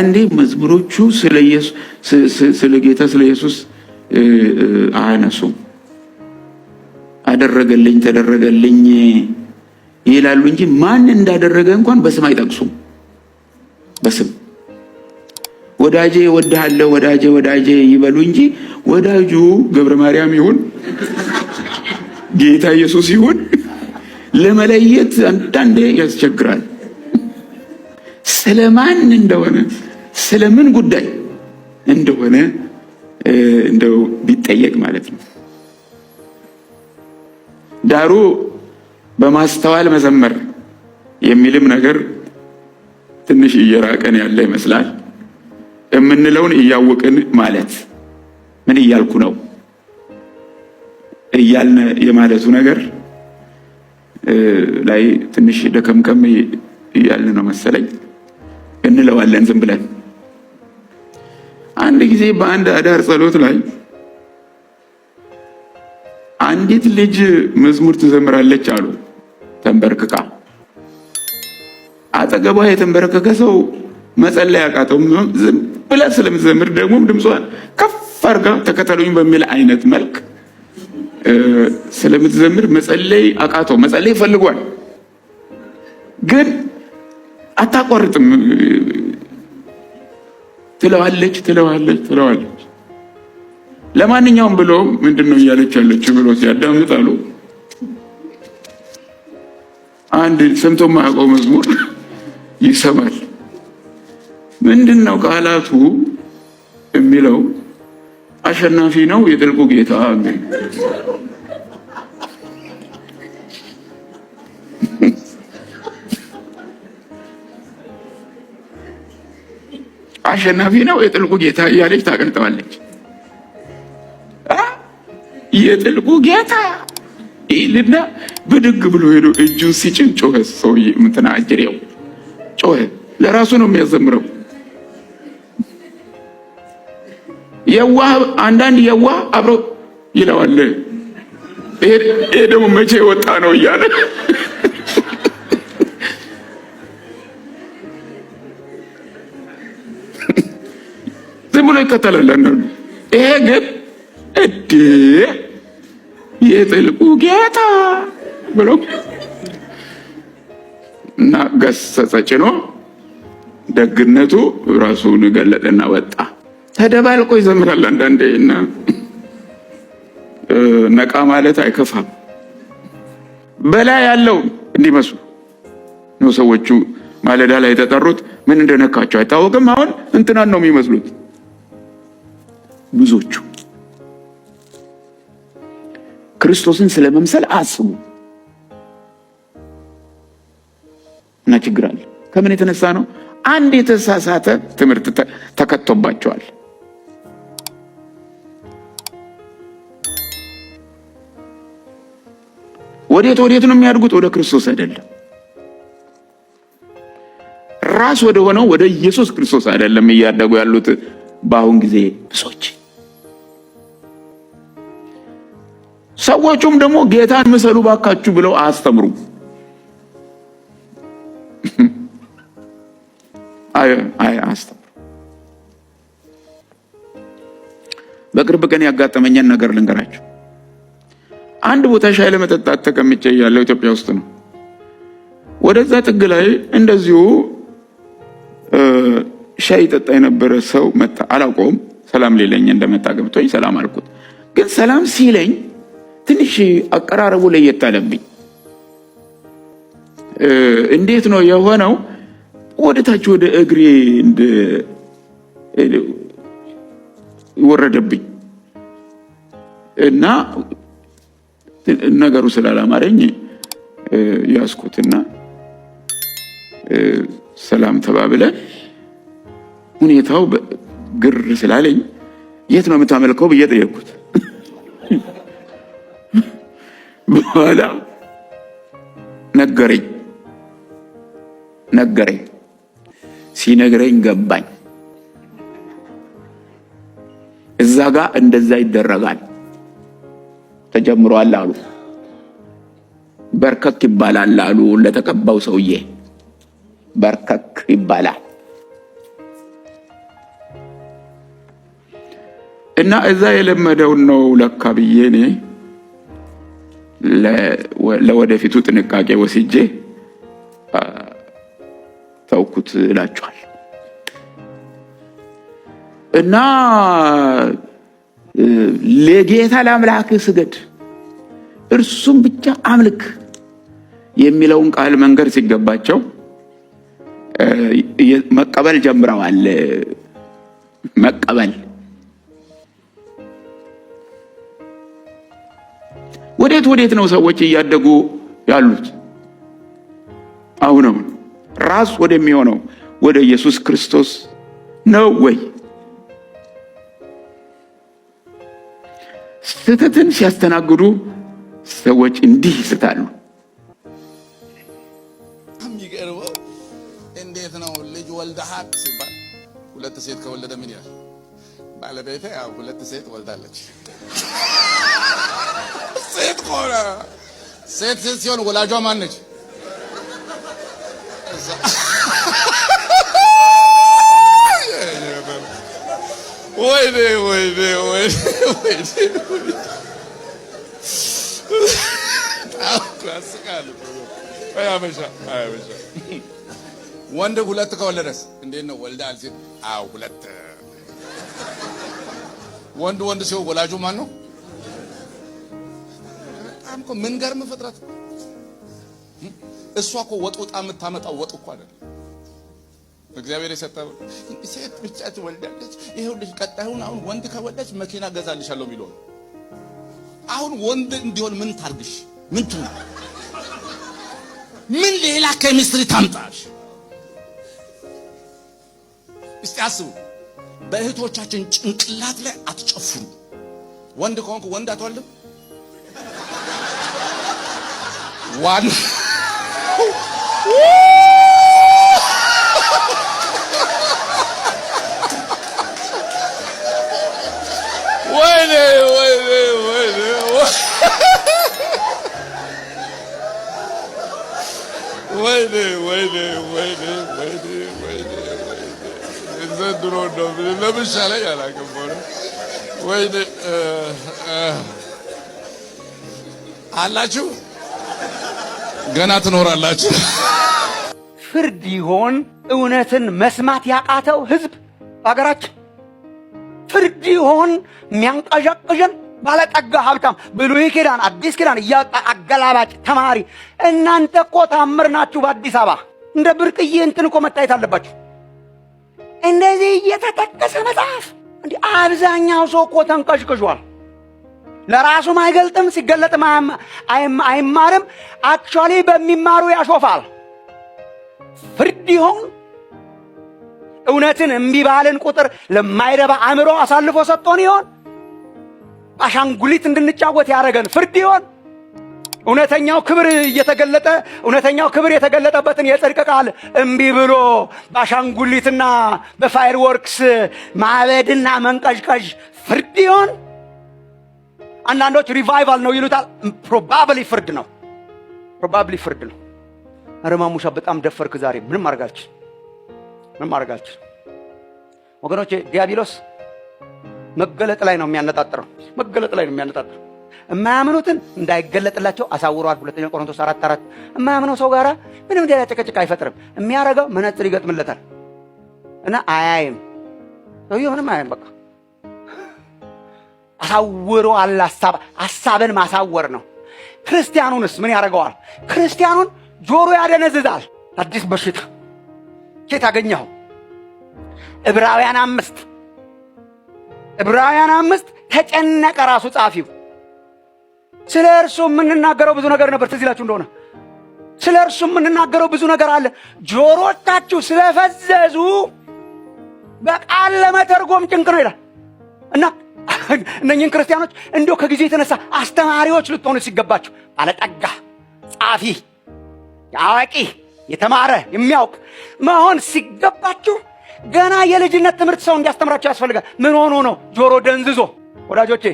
አንዳንዴ መዝሙሮቹ ስለ ጌታ ስለ ኢየሱስ አያነሱም። አደረገልኝ ተደረገልኝ ይላሉ እንጂ ማን እንዳደረገ እንኳን በስም አይጠቅሱም። በስም ወዳጄ ወድሃለሁ፣ ወዳጄ ወዳጄ ይበሉ እንጂ ወዳጁ ገብረ ማርያም ይሁን ጌታ ኢየሱስ ይሁን ለመለየት አንዳንዴ ያስቸግራል ስለማን እንደሆነ ስለምን ጉዳይ እንደሆነ እንደው ቢጠየቅ ማለት ነው። ዳሩ በማስተዋል መዘመር የሚልም ነገር ትንሽ እየራቀን ያለ ይመስላል። የምንለውን እያወቅን ማለት ምን እያልኩ ነው እያልን የማለቱ ነገር ላይ ትንሽ ደከምከም እያልን ነው መሰለኝ። እንለዋለን ዝም ብለን ሁል ጊዜ በአንድ አዳር ጸሎት ላይ አንዲት ልጅ መዝሙር ትዘምራለች አሉ ተንበርክካ። አጠገቧ የተንበረከከ ሰው መጸለይ አቃተው። ዝም ብላ ስለምትዘምር ደግሞ ድምጿን ከፍ አርጋ ተከተሉኝ በሚል አይነት መልክ ስለምትዘምር መጸለይ አቃተው። መጸለይ ፈልጓል። ግን አታቋርጥም። ትለዋለች ትለዋለች ትለዋለች። ለማንኛውም ብሎ ምንድን ነው እያለች ያለችው ብሎ ሲያዳምጣሉ አንድ ሰምቶ የማያውቀው መዝሙር ይሰማል። ምንድን ነው ቃላቱ የሚለው አሸናፊ ነው የጥልቁ ጌታ አሸናፊ ነው የጥልቁ ጌታ እያለች ታቀልጠዋለች። የጥልቁ ጌታ ይልና ብድግ ብሎ ሄዶ እጁን ሲጭን ጮኸ። ሰውዬ ምንትና አጅሬው ጮኸ። ለራሱ ነው የሚያዘምረው። የዋህ አንዳንድ የዋህ አብረው ይለዋል። ይሄ ደግሞ መቼ ወጣ ነው እያለ ብሎ ይከተላል። ይሄ ግን እዴ የጥልቁ ጌታ ብሎ እና ገሰጸ ጭኖ ደግነቱ ራሱን ገለጠና ወጣ። ተደባልቆ ይዘምራል አንዳንዴ እና ነቃ ማለት አይከፋም። በላይ ያለው እንዲመስሉ ነው ሰዎቹ ማለዳ ላይ የተጠሩት ምን እንደነካቸው አይታወቅም። አሁን እንትናን ነው የሚመስሉት። ብዙዎቹ ክርስቶስን ስለ መምሰል አስቡ እና ችግር አለ። ከምን የተነሳ ነው? አንድ የተሳሳተ ትምህርት ተከቶባቸዋል። ወዴት ወዴት ነው የሚያድጉት? ወደ ክርስቶስ አይደለም። ራስ ወደ ሆነው ወደ ኢየሱስ ክርስቶስ አይደለም እያደጉ ያሉት በአሁን ጊዜ ብዙዎች ሰዎቹም ደግሞ ጌታን ምሰሉ ባካችሁ ብለው አያስተምሩ። በቅርብ ቀን ያጋጠመኝን ነገር ልንገራችሁ። አንድ ቦታ ሻይ ለመጠጣት ተቀምጬ ያለው ኢትዮጵያ ውስጥ ነው። ወደዛ ጥግ ላይ እንደዚሁ ሻይ ጠጣ የነበረ ሰው መጣ። አላውቀውም። ሰላም ሌለኝ እንደመጣ ገብቶኝ ሰላም አልኩት። ግን ሰላም ሲለኝ ትንሽ አቀራረቡ ለየት አለብኝ። እንዴት ነው የሆነው? ወደታች ወደ እግሬ ወረደብኝ እና ነገሩ ስላላማረኝ ያስኩትና ሰላም ተባብለን ሁኔታው ግር ስላለኝ የት ነው የምታመልከው ብዬ ጠየቅኩት። በኋላ ነገረኝ ነገረኝ። ሲነግረኝ ገባኝ። እዛ ጋር እንደዛ ይደረጋል ተጀምሯል አሉ። በርከክ ይባላል አሉ። ለተቀባው ሰውዬ በርከክ ይባላል እና እዛ የለመደውን ነው ለካ ብዬ እኔ ለወደፊቱ ጥንቃቄ ወስጄ ተውኩት እላችኋል እና ለጌታ ለአምላክ ስገድ እርሱም ብቻ አምልክ የሚለውን ቃል መንገድ ሲገባቸው መቀበል ጀምረዋል። መቀበል ወዴት ወዴት ነው ሰዎች እያደጉ ያሉት? አሁንም ራስ ወደሚሆነው ወደ ኢየሱስ ክርስቶስ ነው ወይ? ስህተትን ሲያስተናግዱ ሰዎች እንዲህ ይስታሉ። የሚገርመው እንዴት ነው ልጅ ሲባል ሁለት ሴት ከወለደ ምን ይላል? ባለቤቴ ያው ሁለት ሴት ወልዳለች። ሴት ከሆነ ሴት ሴት ሲሆን ወላጇ ማነች? ወይኔ ወይኔ ወይኔ ወንድ ሁለት ከወለደስ እንዴት ነው? ወልዳል ሲል ሁለት ወንድ ወንድ ሲሆን ወላጁ ማን ነው? አይደለም እኮ ምን ገርም ፍጥረት እሷ እኮ ወጥ ውጣ የምታመጣው ወጥ እኮ አይደለም። እግዚአብሔር የሰጠ ሴት ብቻ ትወልዳለች። ይኸውልሽ ቀጣዩን አሁን ወንድ ከወለደች መኪና ገዛልሻለሁ የሚለው አሁን ወንድ እንዲሆን ምን ታርግሽ? ምን ትሁን? ምን ሌላ ኬሚስትሪ ታምጣሽ? እስቲ አስቡ። በእህቶቻችን ጭንቅላት ላይ አትጨፍሩ። ወንድ ከሆንኩ ወንድ አትወልድም One. Bueno, bueno, bueno. Bueno, bueno, bueno, bueno, bueno. Ese duró nombre. No me sale ya la que pone. Bueno, eh, eh. ¿Alachu? ገና ትኖራላችሁ። ፍርድ ይሆን እውነትን መስማት ያቃተው ህዝብ በሀገራችን? ፍርድ ይሆን የሚያንቀዣቅዥን ባለጠጋ ሀብታም፣ ብሉይ ኪዳን አዲስ ኪዳን እያወጣ አገላባጭ ተማሪ። እናንተ እኮ ታምር ናችሁ። በአዲስ አበባ እንደ ብርቅዬ እንትን እኮ መታየት አለባችሁ። እንደዚህ እየተጠቀሰ መጽሐፍ እንዲህ አብዛኛው ሰው እኮ ተንቀዥቅዟል። ለራሱም አይገልጥም፣ ሲገለጥም አይማርም። አክቹዋሊ በሚማሩ ያሾፋል። ፍርድ ይሆን እውነትን እምቢ ባልን ቁጥር ለማይረባ አእምሮ አሳልፎ ሰጥቶን ይሆን? አሻንጉሊት እንድንጫወት ያደረገን ፍርድ ይሆን? እውነተኛው ክብር እየተገለጠ እውነተኛው ክብር የተገለጠበትን የጽድቅ ቃል እምቢ ብሎ በአሻንጉሊትና በፋይርወርክስ ማበድና መንቀዥቀዥ ፍርድ ይሆን? አንዳንዶች ሪቫይቫል ነው ይሉታል። ፕሮባብሊ ፍርድ ነው፣ ፕሮባብሊ ፍርድ ነው። ኧረ በጣም ደፈርክ ዛሬ። ምንም አርጋችሁ ምንም አርጋች ወገኖች፣ ዲያብሎስ መገለጥ ላይ ነው የሚያነጣጥረው፣ መገለጥ ላይ ነው የሚያነጣጥረው። የማያምኑትን እንዳይገለጥላቸው አሳውረዋል። ሁለተኛ ቆሮንቶስ አራት አራት የማያምነው ሰው ጋራ ምንም ዲያ ጭቅጭቅ አይፈጥርም። የሚያረገው መነጽር ይገጥምለታል እና አያይም ሰውዬ ምንም አያይም በቃ አሳውሮ አለ ሀሳብ ሀሳብን ማሳወር ነው። ክርስቲያኑንስ ምን ያደርገዋል? ክርስቲያኑን ጆሮ ያደነዝዛል። አዲስ በሽታ ኬት አገኘኸው? ዕብራውያን አምስት ዕብራውያን አምስት ተጨነቀ ራሱ ጻፊው። ስለ እርሱ የምንናገረው ብዙ ነገር ነበር። ትዝ ይላችሁ እንደሆነ ስለ እርሱ የምንናገረው ብዙ ነገር አለ። ጆሮቻችሁ ስለፈዘዙ በቃል ለመተርጎም ጭንቅ ነው ይላል እና እነኝን ክርስቲያኖች እንዲያው ከጊዜ የተነሳ አስተማሪዎች ልትሆኑ ሲገባችሁ ባለጠጋ፣ ጻፊ፣ አዋቂ፣ የተማረ የሚያውቅ መሆን ሲገባችሁ ገና የልጅነት ትምህርት ሰው እንዲያስተምራችሁ ያስፈልጋል። ምን ሆኖ ነው ጆሮ ደንዝዞ? ወዳጆቼ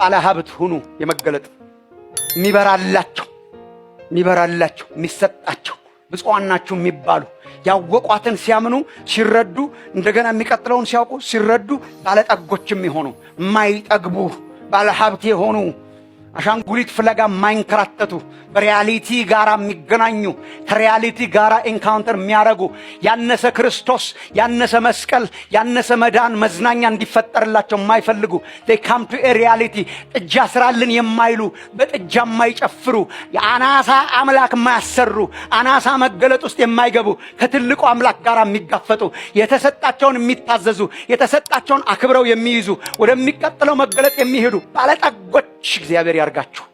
ባለ ሀብት ሁኑ። የመገለጥ የሚበራላቸው የሚበራላቸው የሚሰጣቸው ብፁዓን ናቸው የሚባሉ ያወቋትን ሲያምኑ ሲረዱ፣ እንደገና የሚቀጥለውን ሲያውቁ ሲረዱ፣ ባለጠጎች የሚሆኑ ማይጠግቡ ባለሀብት የሆኑ አሻንጉሊት ፍለጋ የማይንከራተቱ በሪያሊቲ ጋራ የሚገናኙ ከሪያሊቲ ጋራ ኤንካውንተር የሚያደርጉ ያነሰ ክርስቶስ ያነሰ መስቀል ያነሰ መዳን መዝናኛ እንዲፈጠርላቸው የማይፈልጉ ካም ቱ ሪያሊቲ ጥጃ ስራልን የማይሉ በጥጃ የማይጨፍሩ የአናሳ አምላክ የማያሰሩ አናሳ መገለጥ ውስጥ የማይገቡ ከትልቁ አምላክ ጋር የሚጋፈጡ የተሰጣቸውን የሚታዘዙ የተሰጣቸውን አክብረው የሚይዙ ወደሚቀጥለው መገለጥ የሚሄዱ ባለጠጎች እግዚአብሔር ያርጋችሁ።